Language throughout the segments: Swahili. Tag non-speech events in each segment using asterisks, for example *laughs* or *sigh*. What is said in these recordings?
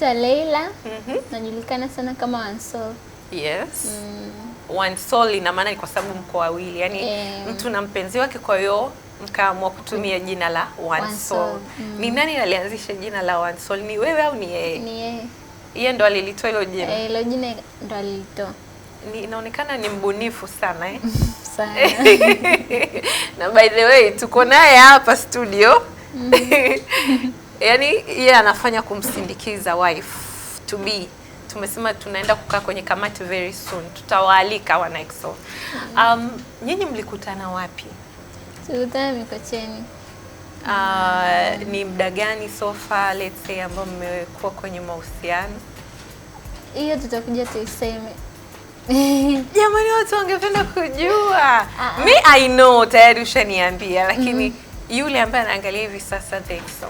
naitwa Leila mm -hmm. Najulikana sana kama Wansol. Yes. Mm. Wansol ina maana ni kwa sababu mko wawili, yaani yeah. Mtu na mpenzi wake, kwa hiyo mkaamua kutumia mm. jina la Wansol. Wansol. Mm. Ni nani alianzisha jina la Wansol? Ni wewe au ni yeye? Ni yeye. Yeye ndo alilitoa hilo jina. Eh, hilo jina ndo alilitoa. Ni inaonekana ni mbunifu sana eh? *laughs* Sana. *laughs* na by the way tuko naye hapa studio. Mm. *laughs* yani yeye yeah, anafanya kumsindikiza wife to be tumesema tunaenda kukaa kwenye kamati very soon, tutawaalika wana EXO. Um, nyinyi mlikutana wapi? Tulikutana Mikocheni. Uh, ni muda gani so far, let's say ambao mmekuwa kwenye mahusiano? Hiyo tutakuja tuiseme. *laughs* Jamani, watu wangependa kujua. Ah, ah. Mi I know tayari ushaniambia, lakini mm -hmm. yule ambaye anaangalia hivi sasa the EXO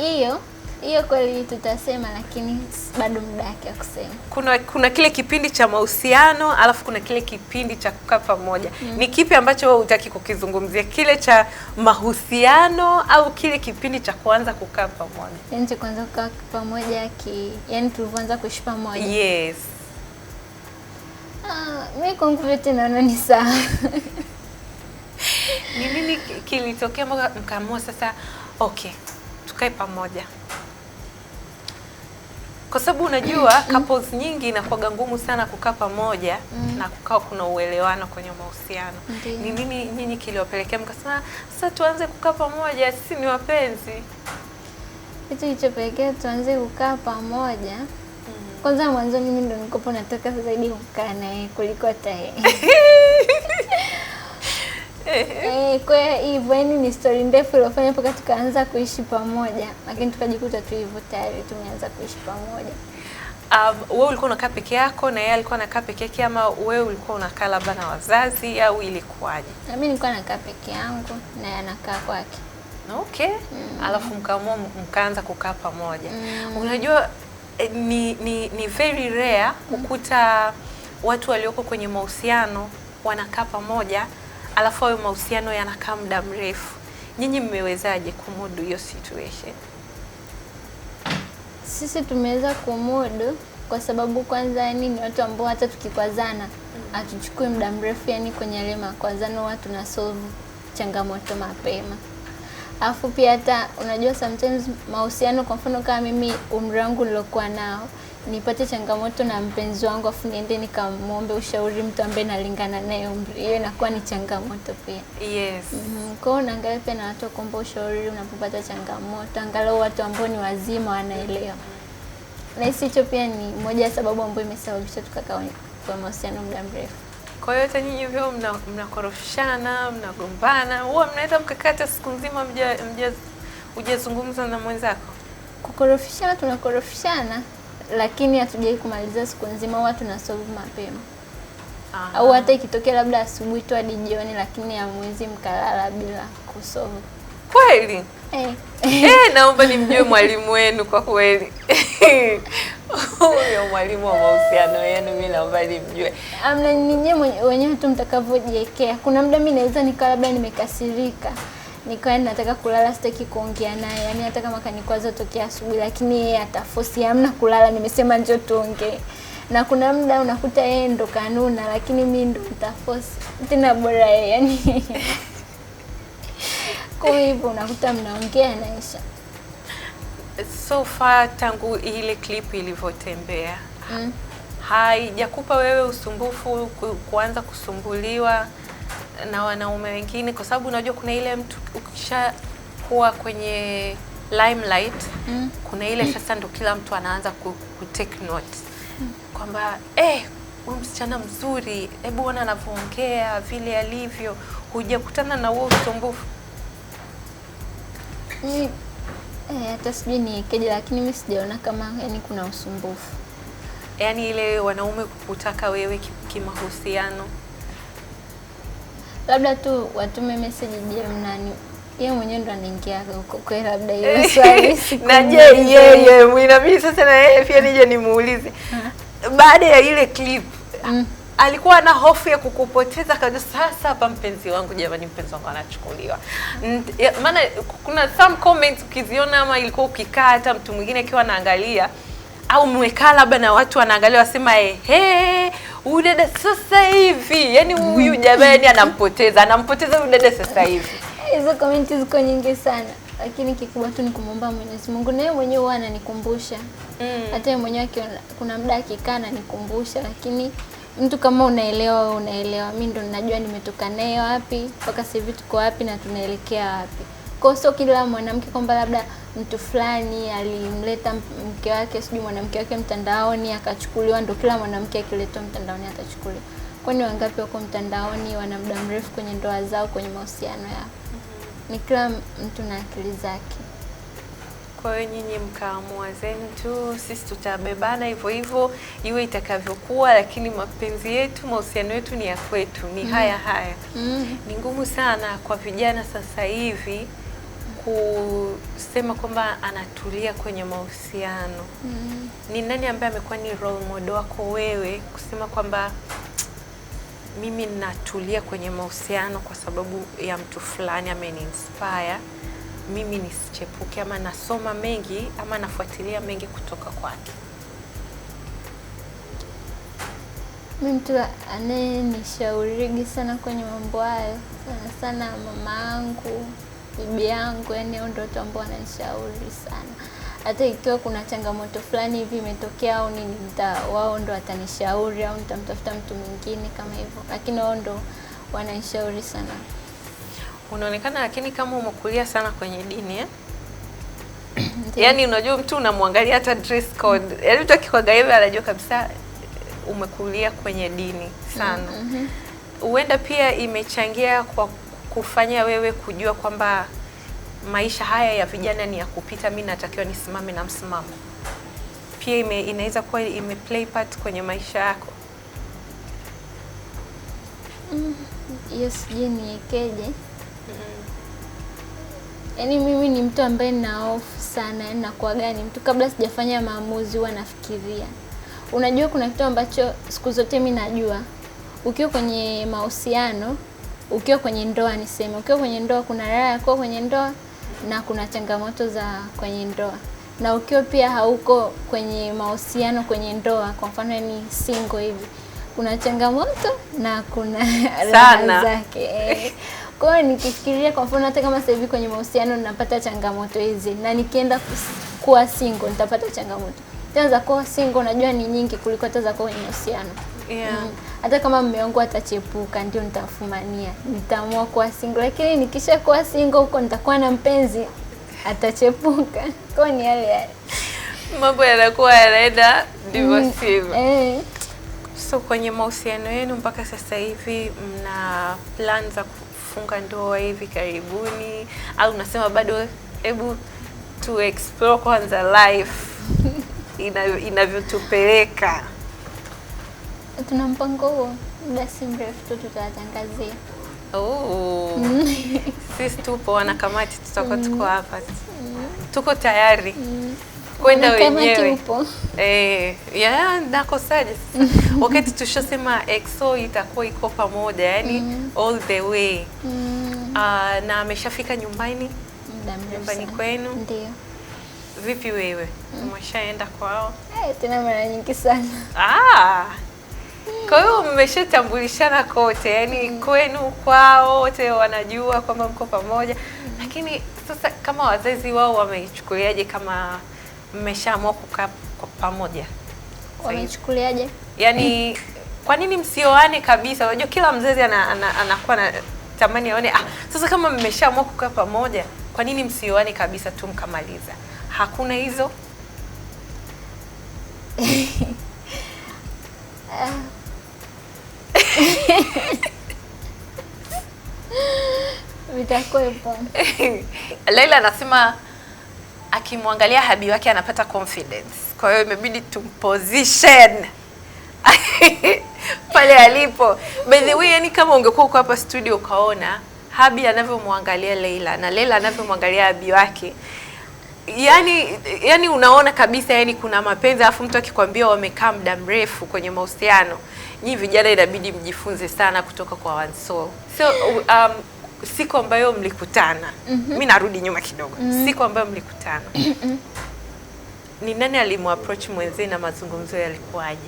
hiyo hiyo kweli tutasema, lakini bado muda wake wa kusema. Kuna kuna kile kipindi cha mahusiano alafu kuna kile kipindi cha kukaa pamoja mm. Ni kipi ambacho wewe hutaki kukizungumzia, kile cha mahusiano au kile kipindi cha kuanza kukaa pamoja? Yani cha kuanza kukaa pamoja ki, yani tulivyoanza kuishi pamoja. Yes. Ah, mimi kwangu vyote naona ni sawa. Ni nini kilitokea mpaka mkaamua sasa okay tukae pamoja, kwa sababu unajua mm-hmm. couples nyingi inakuwa ngumu sana kukaa pamoja mm. na kukaa kuna uelewano kwenye mahusiano. Ni nini nyinyi kiliwapelekea mkasema sasa tuanze kukaa pamoja, sisi ni wapenzi? Kitu kilichopelekea tuanze kukaa pamoja mm-hmm. kwanza, mwanzo mimi ndo nikopo nataka zaidi kukaa naye kuliko hata yeye *laughs* Eh, kwa hivyo yani ni story ndefu iliyofanya mpaka tukaanza kuishi pamoja, lakini tukajikuta tu hivyo tayari tumeanza kuishi pamoja. Um, wewe ulikuwa unakaa peke yako na yeye alikuwa anakaa peke yake, ama wewe ulikuwa unakaa labda na wazazi au ilikuwaje? Mimi nilikuwa nakaa peke yangu na yeye anakaa kwake. Okay. Mm. Alafu mkaamua mkaanza kukaa pamoja. Mm. Unajua eh, ni, ni, ni very rare kukuta watu walioko kwenye mahusiano wanakaa pamoja Mm alafu hayo mahusiano yanakaa muda mrefu. Nyinyi mmewezaje kumudu hiyo situation? Sisi tumeweza kumudu kwa sababu kwanza, yani ni watu ambao hata tukikwazana mm. hatuchukui mm muda mrefu, yani kwenye yale makwazano na tunasolve changamoto mapema. Alafu pia hata unajua sometimes mahusiano, kwa mfano kama mimi umri wangu nilokuwa nao nipate changamoto na mpenzi wangu afu niende nikamwombe ushauri mtu ambaye nalingana naye umri, hiyo inakuwa ni changamoto pia. Yes. Mm, kwao unaangalia pia na watu wakuomba ushauri unapopata changamoto, angalau watu ambao ni wazima wanaelewa. Nahisi hicho pia ni moja ya sababu ambayo imesababisha tukakaa kwa mahusiano muda mrefu. Kwa hiyo hata nyinyi hivyo mnakoroshana, mna mnagombana, huwa mnaweza mkakata siku nzima mjazungumza na mwenzako? Kukorofishana, tunakorofishana lakini hatujai kumaliza siku nzima, huwa solve mapema au hata ikitokea labda asubuhi tu hadi jioni, lakini hamwezi mkalala bila kusolve kweli. Hey. Eh. Eh, hey, *laughs* naomba nimjue mwalimu wenu kwa kweli *laughs* huyo mwalimu wa mahusiano yenu, mi naomba nimjue amna ninyi wenyewe tu mtakavyojiwekea. Kuna muda mi naweza nikawa labda nimekasirika nikawa nataka kulala, sitaki kuongea naye, yaani hata kama kanikwaza tokea asubuhi, lakini yeye atafosi, hamna kulala, nimesema njoo tuongee. Na kuna muda unakuta yeye ndo kanuna, lakini mi ndo nitafosi tena, bora yeye yani kwa hivyo unakuta mnaongea naisha. So far tangu ile clip ilivyotembea mm. haijakupa wewe usumbufu, kuanza kusumbuliwa na wanaume wengine, kwa sababu unajua kuna ile mtu ukishakuwa kwenye limelight mm. kuna ile sasa ndo kila mtu anaanza ku, ku take note mm. kwamba eh, huyu msichana mzuri, hebu ona anavyoongea vile alivyo. Hujakutana na huo usumbufu? Eh, hata sijui ni keje, lakini mi sijaona kama yani kuna usumbufu, yaani ile wanaume kukutaka wewe kimahusiano labda tu watume message DM nani yeye mwenyewe ndo anaingia huko kwa labda *laughs* hiyo swali. Na je, yeye mimi sasa na yeye pia nije nimuulize uh-huh. baada ya ile clip mm. Alikuwa na hofu ya kukupoteza kabisa. Sasa hapa mpenzi wangu, jamani, mpenzi wangu anachukuliwa. Maana kuna some comments ukiziona, ama ilikuwa ukikaa hata mtu mwingine akiwa anaangalia au mwekaa labda na watu wanaangalia wasema ehe, huyu dada sasa hivi, yani huyu jamani, yaani anampoteza anampoteza huyu sasa hivi. Hizo komenti ziko nyingi sana, lakini kikubwa tu ni kumwomba Mwenyezi Mungu, na yeye mwenyewe huwa ananikumbusha mm. hata yeye mwenyewe kuna muda akikaa ananikumbusha, lakini mtu kama unaelewa wewe unaelewa, mi ndo najua nimetoka naye wapi mpaka sasa hivi tuko wapi na tunaelekea wapi. Kwa sio kila mwanamke kwamba labda mtu fulani alimleta mke wake sijui mwanamke wake mtandaoni akachukuliwa, ndo kila mwanamke akiletwa mtandaoni atachukuliwa. Kwani wangapi wako mtandaoni wana muda mrefu kwenye ndoa zao, kwenye mahusiano yao? Ni kila mtu na akili zake. Kwa hiyo nyinyi mkaamua zenu tu, sisi tutabebana hivyo hivyo iwe itakavyokuwa, lakini mapenzi yetu, mahusiano yetu ni ya kwetu, ni mm. haya haya mm. Ni ngumu sana kwa vijana sasa hivi kusema kwamba anatulia kwenye mahusiano mm. Ni nani ambaye amekuwa ni role model wako wewe kusema kwamba mimi natulia kwenye mahusiano kwa sababu ya mtu fulani ameninspire mimi nisichepuke, ama nasoma mengi ama nafuatilia mengi kutoka kwake? Mi mtu anayenishaurigi sana kwenye mambo hayo sana sana mama angu bibi yangu, yani huo ndio watu ambao sana. Hata ikiwa kuna changamoto fulani hivi imetokea au nini, wao ndo watanishauri au nitamtafuta mtu mwingine kama hivyo, lakini wao ndo wananishauri sana. Unaonekana lakini kama umekulia sana kwenye dini eh? *clears throat* Yaani unajua mtu unamwangalia hata dress code. Mm. Yaani mtu akikwaga hivi anajua kabisa eh, umekulia kwenye dini sana. Mm-hmm. Huenda mm -hmm. pia imechangia kwa kufanya wewe kujua kwamba maisha haya ya vijana ni ya kupita, mi natakiwa nisimame na msimamo pia ime, inaweza kuwa ime play part kwenye maisha yako. Hiyo mm, sijui niekeje. Mm-hmm. Yaani mimi ni mtu ambaye nina hofu sana, yaani nakuwa gani mtu kabla sijafanya maamuzi huwa nafikiria. Unajua kuna kitu ambacho siku zote mi najua ukiwa kwenye mahusiano ukiwa kwenye ndoa niseme, ukiwa kwenye ndoa kuna raha ya kuwa kwenye ndoa na kuna changamoto za kwenye ndoa, na ukiwa pia hauko kwenye mahusiano kwenye ndoa, kwa mfano ni single hivi, kuna changamoto na kuna *laughs* raha zake Kwa hiyo nikifikiria, kwa mfano hata kama sasa hivi kwenye mahusiano ninapata changamoto hizi, na nikienda kuwa single nitapata changamoto tena za kuwa single, najua ni nyingi kuliko hata za kuwa kwenye mahusiano yeah. Mm. Hata kama mume wangu atachepuka, ndio nitafumania, nitaamua kuwa single, lakini nikisha kuwa single huko nitakuwa na mpenzi, atachepuka *laughs* kwa ni yale yale mambo yanakuwa yanaenda ndivyo mm. sivyo. Eh. So kwenye mahusiano yenu mpaka sasa hivi mna plan za kufunga ndoa hivi karibuni, au unasema bado hebu to explore kwanza life *laughs* inavyotupeleka ina tuna mpango huo, basi mrefu tu tutawatangazia. Oh. *laughs* Sisi tupo wanakamati, tutakuwa mm. tuko hapa, mm. tuko tayari mm. kwenda wenyewe eh, ya nakosaje sasa? *laughs* Wakati tushasema EXO itakuwa iko pamoja, yani mm. all the way mm. Uh, na ameshafika nyumbani nyumbani kwenu ndio. Vipi wewe, umeshaenda mm. kwao? Eh, tena mara nyingi sana ah. Kwa hiyo mmeshatambulishana kote, yani kwenu kwao, wote wanajua kwamba mko pamoja. Lakini sasa kama wazazi wao wameichukuliaje, kama mmeshaamua kukaa kwa pamoja? Wameichukuliaje? Yani kwa nini msioane kabisa? Unajua kila mzazi anakuwa na tamani aone, ah, sasa kama mmeshaamua kukaa pamoja, kwa nini msioane kabisa tu mkamaliza? Hakuna hizo *laughs* *laughs* Laila anasema akimwangalia habi wake anapata confidence, kwa hiyo imebidi tumposition *laughs* pale alipo. By the way, yani kama ungekuwa uko hapa studio ukaona habi anavyomwangalia Leila na Leila anavyomwangalia habi wake yani, yani unaona kabisa yani kuna mapenzi alafu mtu akikwambia wamekaa muda mrefu kwenye mahusiano, nyinyi vijana inabidi mjifunze sana kutoka kwa wanso So um, siku ambayo mlikutana mm -hmm. Mi narudi nyuma kidogo mm -hmm. Siku ambayo mlikutana *clears throat* mm -hmm. Ni nani alimwapproach mwenzee na mazungumzo yalikuwaje?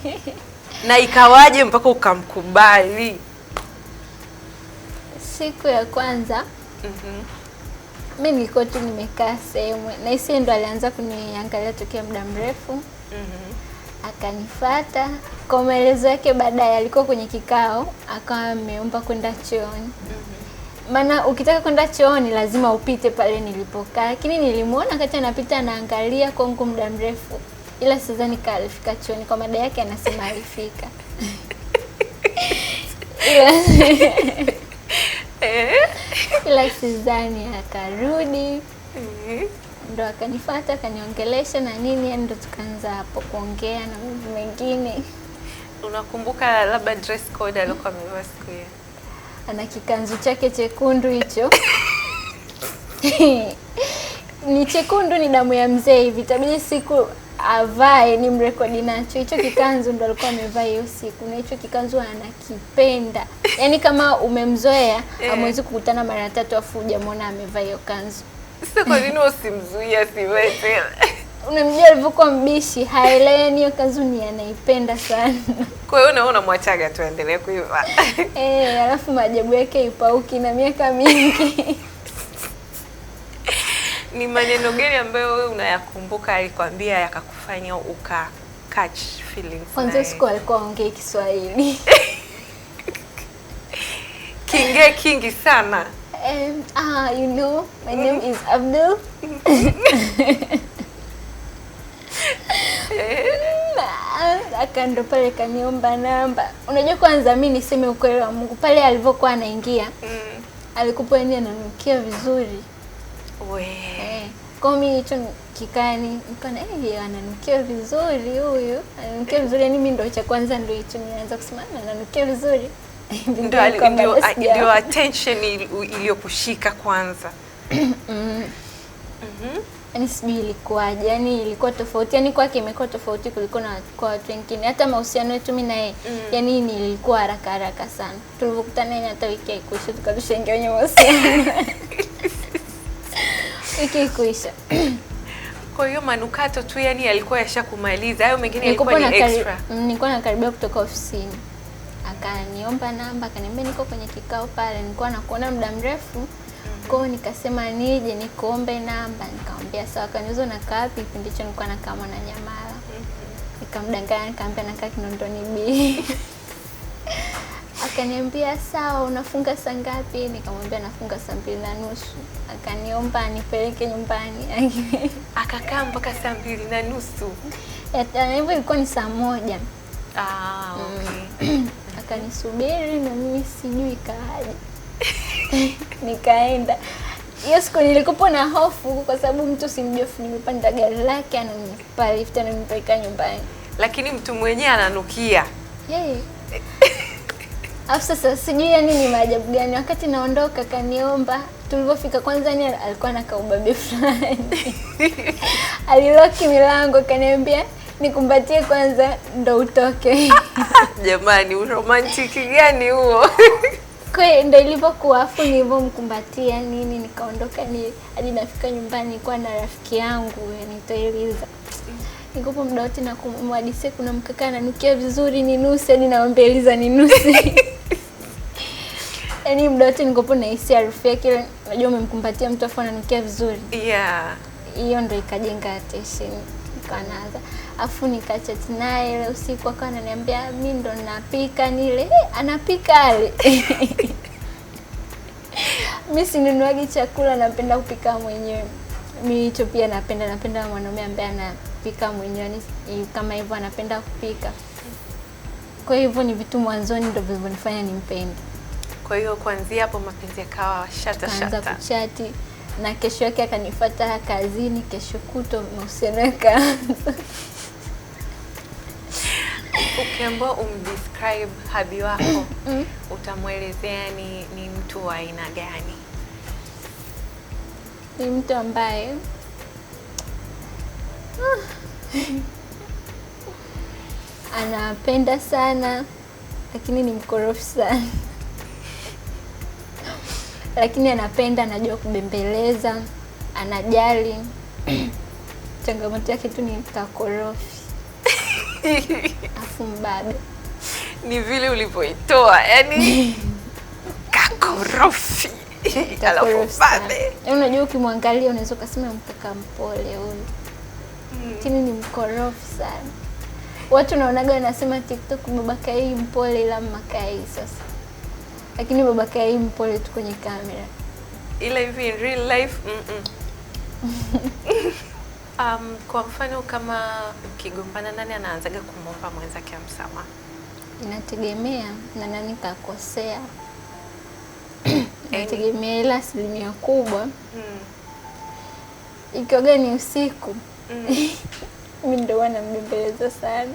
*laughs* na ikawaje mpaka ukamkubali siku ya kwanza? mm -hmm mi nilikuwa tu nimekaa sehemu, na hisi ndo alianza kuniangalia tokea muda mrefu mm -hmm. Akanifata kwa maelezo yake, baadaye alikuwa kwenye kikao, akawa ameomba kwenda chooni mhm. maana mm -hmm. Ukitaka kwenda chooni lazima upite pale nilipokaa, lakini nilimwona kati anapita anaangalia kwangu muda mrefu, ila sizani kama alifika chooni. Kwa mada yake anasema alifika *laughs* *laughs* ila *laughs* sizani akarudi eh. ndo akanifata akaniongelesha na nini, yani ndo tukaanza hapo kuongea na mambo mengine. Unakumbuka labda dress code alikuwa amevaa siku hiyo? Ana kikanzu chake chekundu hicho *laughs* *laughs* ni chekundu, ni damu ya mzee hivi, itabidi siku avae ni mrekodi nacho hicho kikanzu, ndo alikuwa amevaa hiyo siku, na hicho kikanzu anakipenda. Yaani kama umemzoea eh. amwezi kukutana mara tatu afu hujamwona amevaa hiyo kanzu. Sasa kwa nini usimzuia asivae tena? Unamjua alivyokuwa mbishi, haelewi yaani hiyo kanzu ni anaipenda sana. Kwa hiyo unaona unamwachaga tuendelee kuiva. Eh, alafu maajabu yake ipauki na miaka mingi ni maneno gani ambayo wewe unayakumbuka alikwambia yakakufanya uka catch feelings? Kwanza siku alikuwa ongea Kiswahili *laughs* kinge kingi sana. Um, ah, you know, my name mm-hmm. is Abdul. Mm-hmm. *laughs* Ah, Akando pale kaniomba namba. Unajua, kwanza mi niseme ukweli wa Mungu, pale alivyokuwa anaingia mm. alikuwa ananukia vizuri Eh, kwa mimi hicho kikani nikaona eh, ananukia vizuri huyu, ananukia eh. vizuri yani mimi ndo cha kwanza ndo hicho nianza kusema ah, ananukia vizuri. *laughs* Ndio attention iliyokushika kwanza. *clears throat* Mm. Mhm. Yaani sijui ilikuwaje, yani ilikuwa tofauti, yani kwake imekuwa tofauti kuliko na kwa watu wengine. Hata mahusiano yetu mimi naye mm. yani nilikuwa haraka haraka sana, tulivyokutana hata wiki haikuisha tukabisha ingia mahusiano *laughs* wiki kuisha. Kwa hiyo manukato tu yani yalikuwa yashakumaliza, hayo mengine yalikuwa ni extra. Nilikuwa nakaribia kutoka ofisini, akaniomba namba, akaniambia niko kwenye kikao pale, nilikuwa nakuona muda mrefu kwao, nikasema nije nikuombe namba, nikamwambia sawa. Akaniuliza nakaa wapi? Kipindi hicho nilikuwa nakaa Mwananyamala, nikamdanganya, nikamwambia nakaa Kinondoni B akaniambia sawa, unafunga saa ngapi? Nikamwambia nafunga saa mbili na nusu. Akaniomba nipeleke nyumbani *laughs* akakaa mpaka saa mbili na nusu hivyo, ilikuwa ni saa moja. Ah, mm. okay. *clears throat* Akanisubiri na mimi sijui kaaje *laughs* nikaenda hiyo siku nilikupo na hofu kwa sababu mtu simjofu, nimepanda gari lake ananipa lift ananipeleka nyumbani, lakini mtu mwenyewe ananukia hey. Afu sasa sijui yani ni maajabu gani, wakati naondoka kaniomba. Tulivyofika kwanza, ni alikuwa na kaubabe fulani *laughs* aliloki milango, kaniambia nikumbatie kwanza ndo utoke. *laughs* Jamani, uromantiki gani huo? *laughs* Kwe ndo ilivyokuwa, afu nilivyomkumbatia nini nikaondoka, ni hadi nafika nyumbani nilikuwa na rafiki yangu nitoiliza nikopo muda wote na kumwadisia kuna mkaka ananukia vizuri, ni nusi hadi naombe Eliza ni yani muda wote nikopo nahisi harufu yake, najua umemkumbatia mtu afu ananukia vizuri. Yeah, hiyo ndo ikajenga attention kanaza afu nikachati naye ile usiku, akawa ananiambia mi ndo napika nile, eh, anapika ale *laughs* mi sinunuagi chakula, napenda kupika mwenyewe. Mi hicho pia napenda, napenda mwanaume ambaye anapika mwenyewe yaani kama hivyo, anapenda kupika. Kwa hivyo ni vitu mwanzoni ndo vilivyonifanya nimpende. Kwa hiyo kuanzia hapo mapenzi yakawa shata shata, kuchati na kesho yake akanifuata kazini, kesho kuto mahusiano yakaanza. Ukiambiwa umdescribe habi wako *coughs* mm. utamwelezea ni, ni mtu wa aina gani? Ni mtu ambaye ah, anapenda sana, lakini ni mkorofi sana lakini anapenda, anajua kubembeleza, anajali. *clears throat* changamoto yake tu ni mtakorofi *laughs* afu mbabe. Ni vile ulivyoitoa yani *laughs* kakorofi yaani Unajua, ukimwangalia unaweza ukasema mpaka mpole huyu, mm. lakini ni mkorofi sana. Watu naonaga wanasema TikTok, baba Kai mpole, ila mama Kai sasa lakini babake yai mpole tu kwenye kamera, ila hivi in real life mm -mm. *laughs* Um, kwa mfano kama mkigombana, nani anaanzaga kumwomba mwenzake msamaha? Inategemea na nani kakosea *coughs* inategemea, ila asilimia kubwa mm. ikiwaga ni usiku mm. *laughs* mi ndo wanambembeleza sana,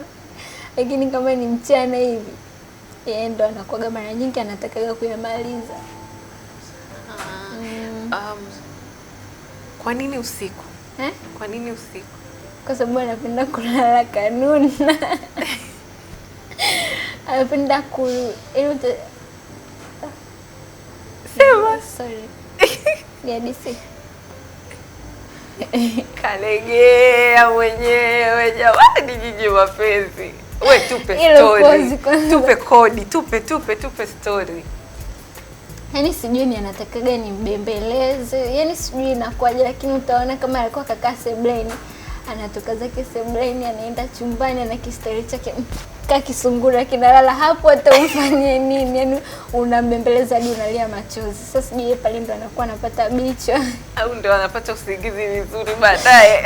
lakini kama ni mchana hivi yeye ndo anakuaga mara nyingi anatakaga kuyamaliza. Mm. Um, kwa nini usiku eh? Kwa nini usiku? Kwa sababu anapenda kulala kanuni *laughs* anapenda ku yaani sema *laughs* sorry *laughs* yadisi kalegea mwenyewe. Jamani, nyinyi mapenzi We *laughs* tupe story. Tupe kodi, tupe tupe tupe story. Yaani sijui ni anatakaga mbembeleze. yaani sijui inakuwaje, lakini utaona kama alikuwa kakaa sebleni, anatoka zake sebleni, anaenda chumbani, na kistari chake kakisungura kinalala hapo, hata ufanye *laughs* nini, yani unambembeleza hadi unalia machozi. Sasa sijui pale ndo anakuwa anapata bichwa *laughs* au ndo anapata usingizi vizuri baadaye.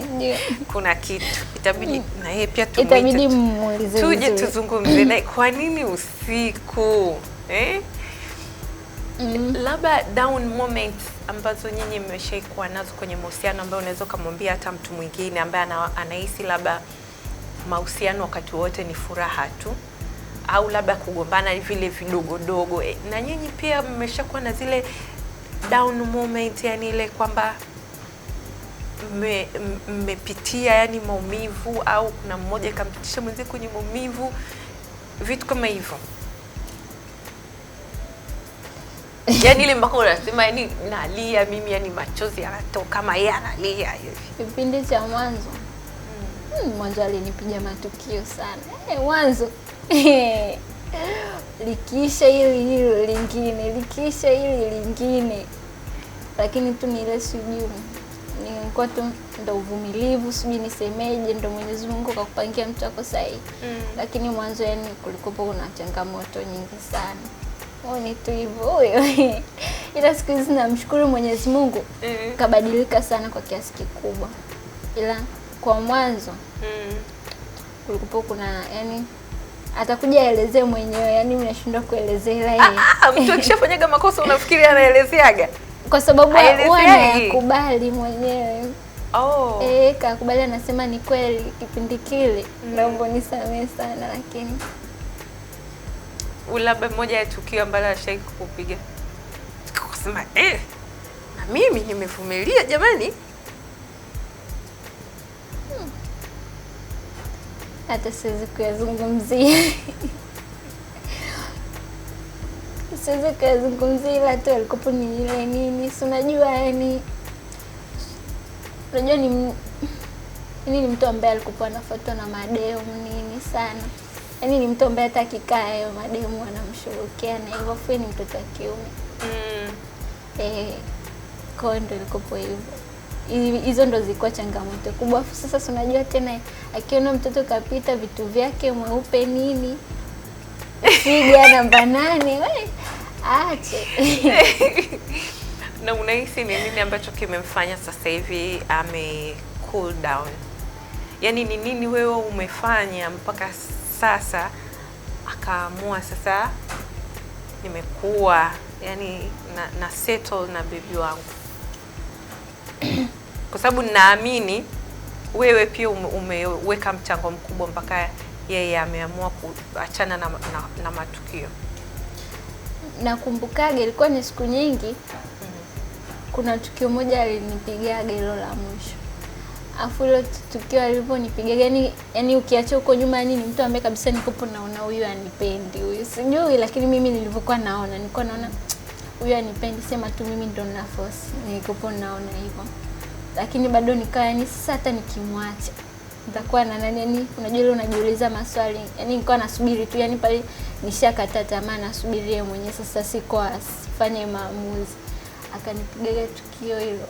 *laughs* Kuna kitu itabidi mm. na yeye pia tumuite itabidi mmuulize, tuje tuzungumze naye, mm. kwa nini usiku eh? Mm. Labda down moment ambazo nyinyi mmeshaikuwa nazo kwenye mahusiano ambayo unaweza ukamwambia hata mtu mwingine ambaye anahisi labda mahusiano wakati wote ni furaha tu au labda kugombana vile vidogodogo. E, na nyinyi pia mmeshakuwa na zile down moment, yani ile kwamba mmepitia yani maumivu au kuna mmoja kampitisha mwenzie kwenye maumivu, vitu kama hivyo *laughs* yani ile mpaka unasema yani nalia mimi, yani machozi yanatoka kama yeye analia hivi. Kipindi cha mwanzo hmm, mwanzo alinipiga matukio sana hey, eh, mwanzo *laughs* likiisha hili hilo lingine, likiisha hili lingine, lakini tu ni ile sijui nilikuwa tu ndo uvumilivu, sijui nisemeje, ndo Mwenyezi Mungu akakupangia mtu wako sahihi mm. Lakini mwanzo yani kulikuwa kuna changamoto nyingi sana, huo ni tu hivyo huyo *laughs* ila siku hizi namshukuru Mwenyezi Mungu mm. kabadilika sana kwa kiasi kikubwa, ila kwa mwanzo mm. kulikuwa kuna yani atakuja aelezee mwenyewe, yani nashindwa kuelezea, ila yeye ah, ah, ah, mtu akishafanyaga makosa unafikiri anaelezeaga kwa sababu huwa anayakubali mwenyewe. Oh. Eh, kakubali anasema ni kweli kipindi kile mm. naomba nisamehe sana, lakini labda moja ya tukio ambalo ashai kukupiga kusema eh, na mimi nimevumilia jamani hata siwezi kuyazungumzia siwezi kuyazungumzia, ila tu alikopo ni ile nini, si unajua, yani unajua ni yani ni mtu ambaye alikopo anafuatwa na mademu nini sana, yani ni mtu ambaye hata akikaa hayo mademu wanamshurukia na hivyo, fue ni mtoto wa kiume mm. Eh, kondo ndo ilikopo hivyo hizo ndo zilikuwa changamoto kubwa. Afu sasa, si unajua tena, akiona mtoto kapita vitu vyake mweupe nini piga namba nane we ache *laughs* na unahisi ni nini ambacho kimemfanya sasa hivi ame cool down? Yaani ni nini wewe umefanya mpaka sasa akaamua sasa nimekuwa yani na, na settle na bibi wangu *clears throat* kwa sababu ninaamini wewe pia umeweka mchango mkubwa mpaka yeye ameamua kuachana na, na, na matukio. Nakumbukaga ilikuwa ni siku nyingi mm. Kuna tukio moja alinipigaga hilo la mwisho, afu hilo tukio alivyonipigaga, yani yani, ukiacha huko nyuma, yani ni mtu ambaye kabisa nikopo naona huyu anipendi huyu sijui, lakini mimi nilivyokuwa naona nilikuwa naona huyu anipendi, sema tu mimi ndo nafosi, force naona hivyo lakini bado nikawa yani, sasa hata nikimwacha nitakuwa na nani? Yani unajua ile unajiuliza maswali yani, nikawa nasubiri tu yani, pale nishakata tamaa, nasubiri yeye mwenyewe sasa, siko asifanye maamuzi. Akanipigaga tukio hilo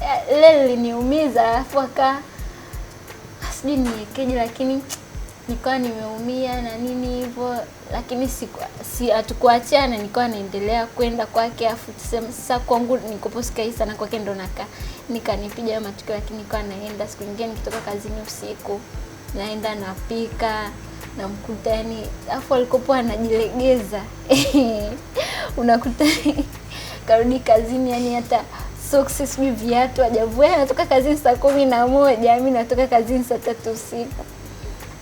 eh, leo liniumiza, alafu akaa sijui niekeje, lakini nikawa nimeumia na nini hivyo, lakini si, si atukuachana nikawa naendelea kwenda kwake, afu tuseme sasa kwangu nikopo sikai sana kwake, ndo nakaa nikanipiga matukio, lakini nikawa naenda. Siku nyingine nikitoka kazini usiku naenda napika namkuta yani, afu alikopo anajilegeza *laughs* unakuta *laughs* karudi kazini yani hata soksi sijui viatu ajavua yaani, Anatoka kazini saa kumi na moja mi natoka kazini saa tatu usiku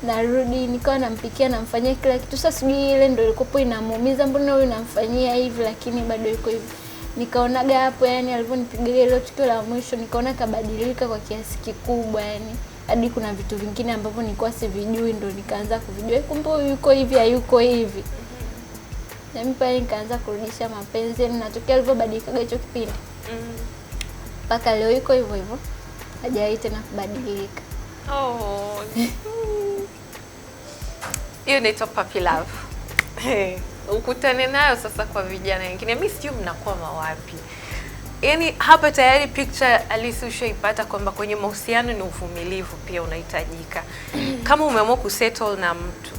narudi nikawa nampikia namfanyia kila kitu. Sasa sijui ile ndo ilikuwa inamuumiza, mbona huyu namfanyia hivi, lakini bado iko hivi. Nikaonaga hapo, yani alivyonipigilia ile tukio la mwisho, nikaona kabadilika kwa kiasi kikubwa, yani hadi kuna vitu vingine ambavyo nilikuwa sivijui, ndo nikaanza kuvijua, kumbe yuko hivi hayuko hivi. Nami pale nikaanza kurudisha mapenzi, yani natokea alivyobadilikaga hicho kipindi mm. mpaka leo yuko hivyo hivyo, hajawai tena kubadilika. oh. *laughs* hiyo inaitwa puppy love. Hey, ukutane nayo sasa kwa vijana wengine, mimi sijui mnakuwa mawapi. Yaani hapa tayari picture halisi ushaipata kwamba kwenye mahusiano ni uvumilivu pia unahitajika. *clears throat* Kama umeamua kusettle na mtu,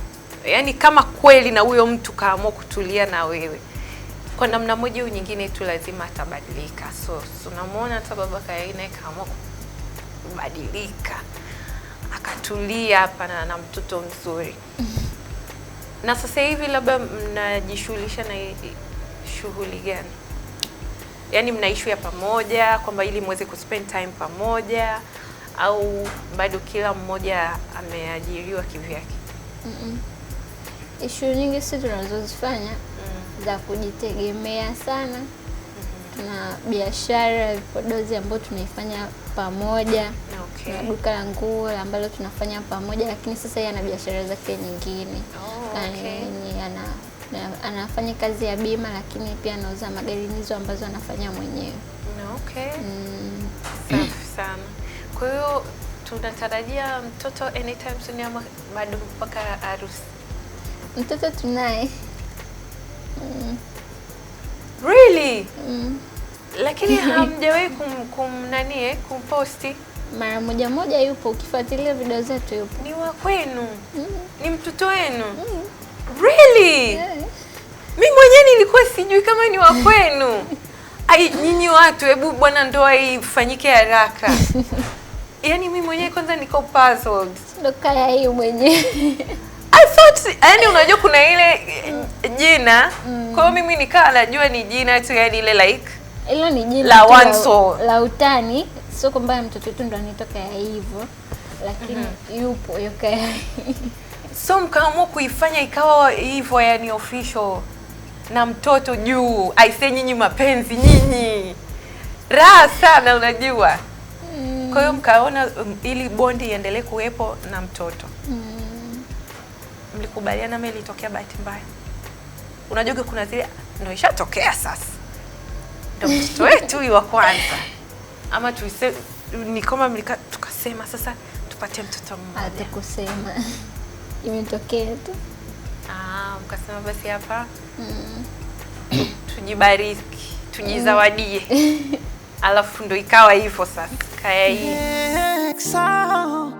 yaani kama kweli na huyo mtu kaamua kutulia na wewe, kwa namna moja au nyingine tu lazima atabadilika. So tunamwona hata baba Kayai kaamua kubadilika, akatulia hapa na mtoto mzuri *laughs* Na sasa hivi labda mnajishughulisha na shughuli gani? Yaani mna issue ya pamoja kwamba ili muweze kuspend time pamoja au bado kila mmoja ameajiriwa kivyake? Mm -mm. Issue nyingi si tunazozifanya mm. za kujitegemea sana na biashara ya vipodozi ambayo tunaifanya pamoja okay. na duka la nguo ambalo tunafanya pamoja, lakini sasa yeye ana biashara zake nyingine. oh, yaani okay. ana, anafanya kazi ya bima lakini pia anauza magari nizo ambazo anafanya mwenyewe. okay. mm. Safi sana. Kwa hiyo tunatarajia mtoto anytime soon ama bado mpaka harusi? Mtoto tunaye mm. Really? Mm. Lakini *laughs* hamjawahi kum, kum nani eh, kumposti? Mara moja moja yupo, ukifuatilia video zetu yupo. Ni wa kwenu? Mm. Ni mtoto wenu? Mm. Really? Yeah. Mimi mwenyewe nilikuwa sijui kama ni wa kwenu. *laughs* Ai, nyinyi watu, hebu bwana, ndoa hii ifanyike haraka. *laughs* Yaani mi mwenyewe kwanza niko puzzled. Ndoka hii mwenyewe sauti yani, unajua kuna ile eh, jina mm. Kwa hiyo mimi nikawa najua ni jina tu, yani ile like hilo ni jina la wanso la utani, sio kwamba mtoto wetu ndo ya hivyo, lakini mm -hmm. yupo yoka *laughs* so mkaamua kuifanya ikawa hivyo, yani official na mtoto juu. Aisee, nyinyi mapenzi nyinyi raha sana, unajua mm. Kwa hiyo mkaona um, ili bondi iendelee kuwepo na mtoto mlikubaliana mimi ilitokea bahati mbaya? Unajua kuna zile ndio ishatokea sasa, ndio mtoto wetu wa kwanza, ama tuise ni kama mlika tukasema sasa tupatie mtoto mmoja. Hatukusema, *laughs* imetokea tu. Ah, mkasema basi hapa mm. tujibariki, tujizawadie mm. *laughs* alafu ndo ikawa hivyo sasa, kaya hii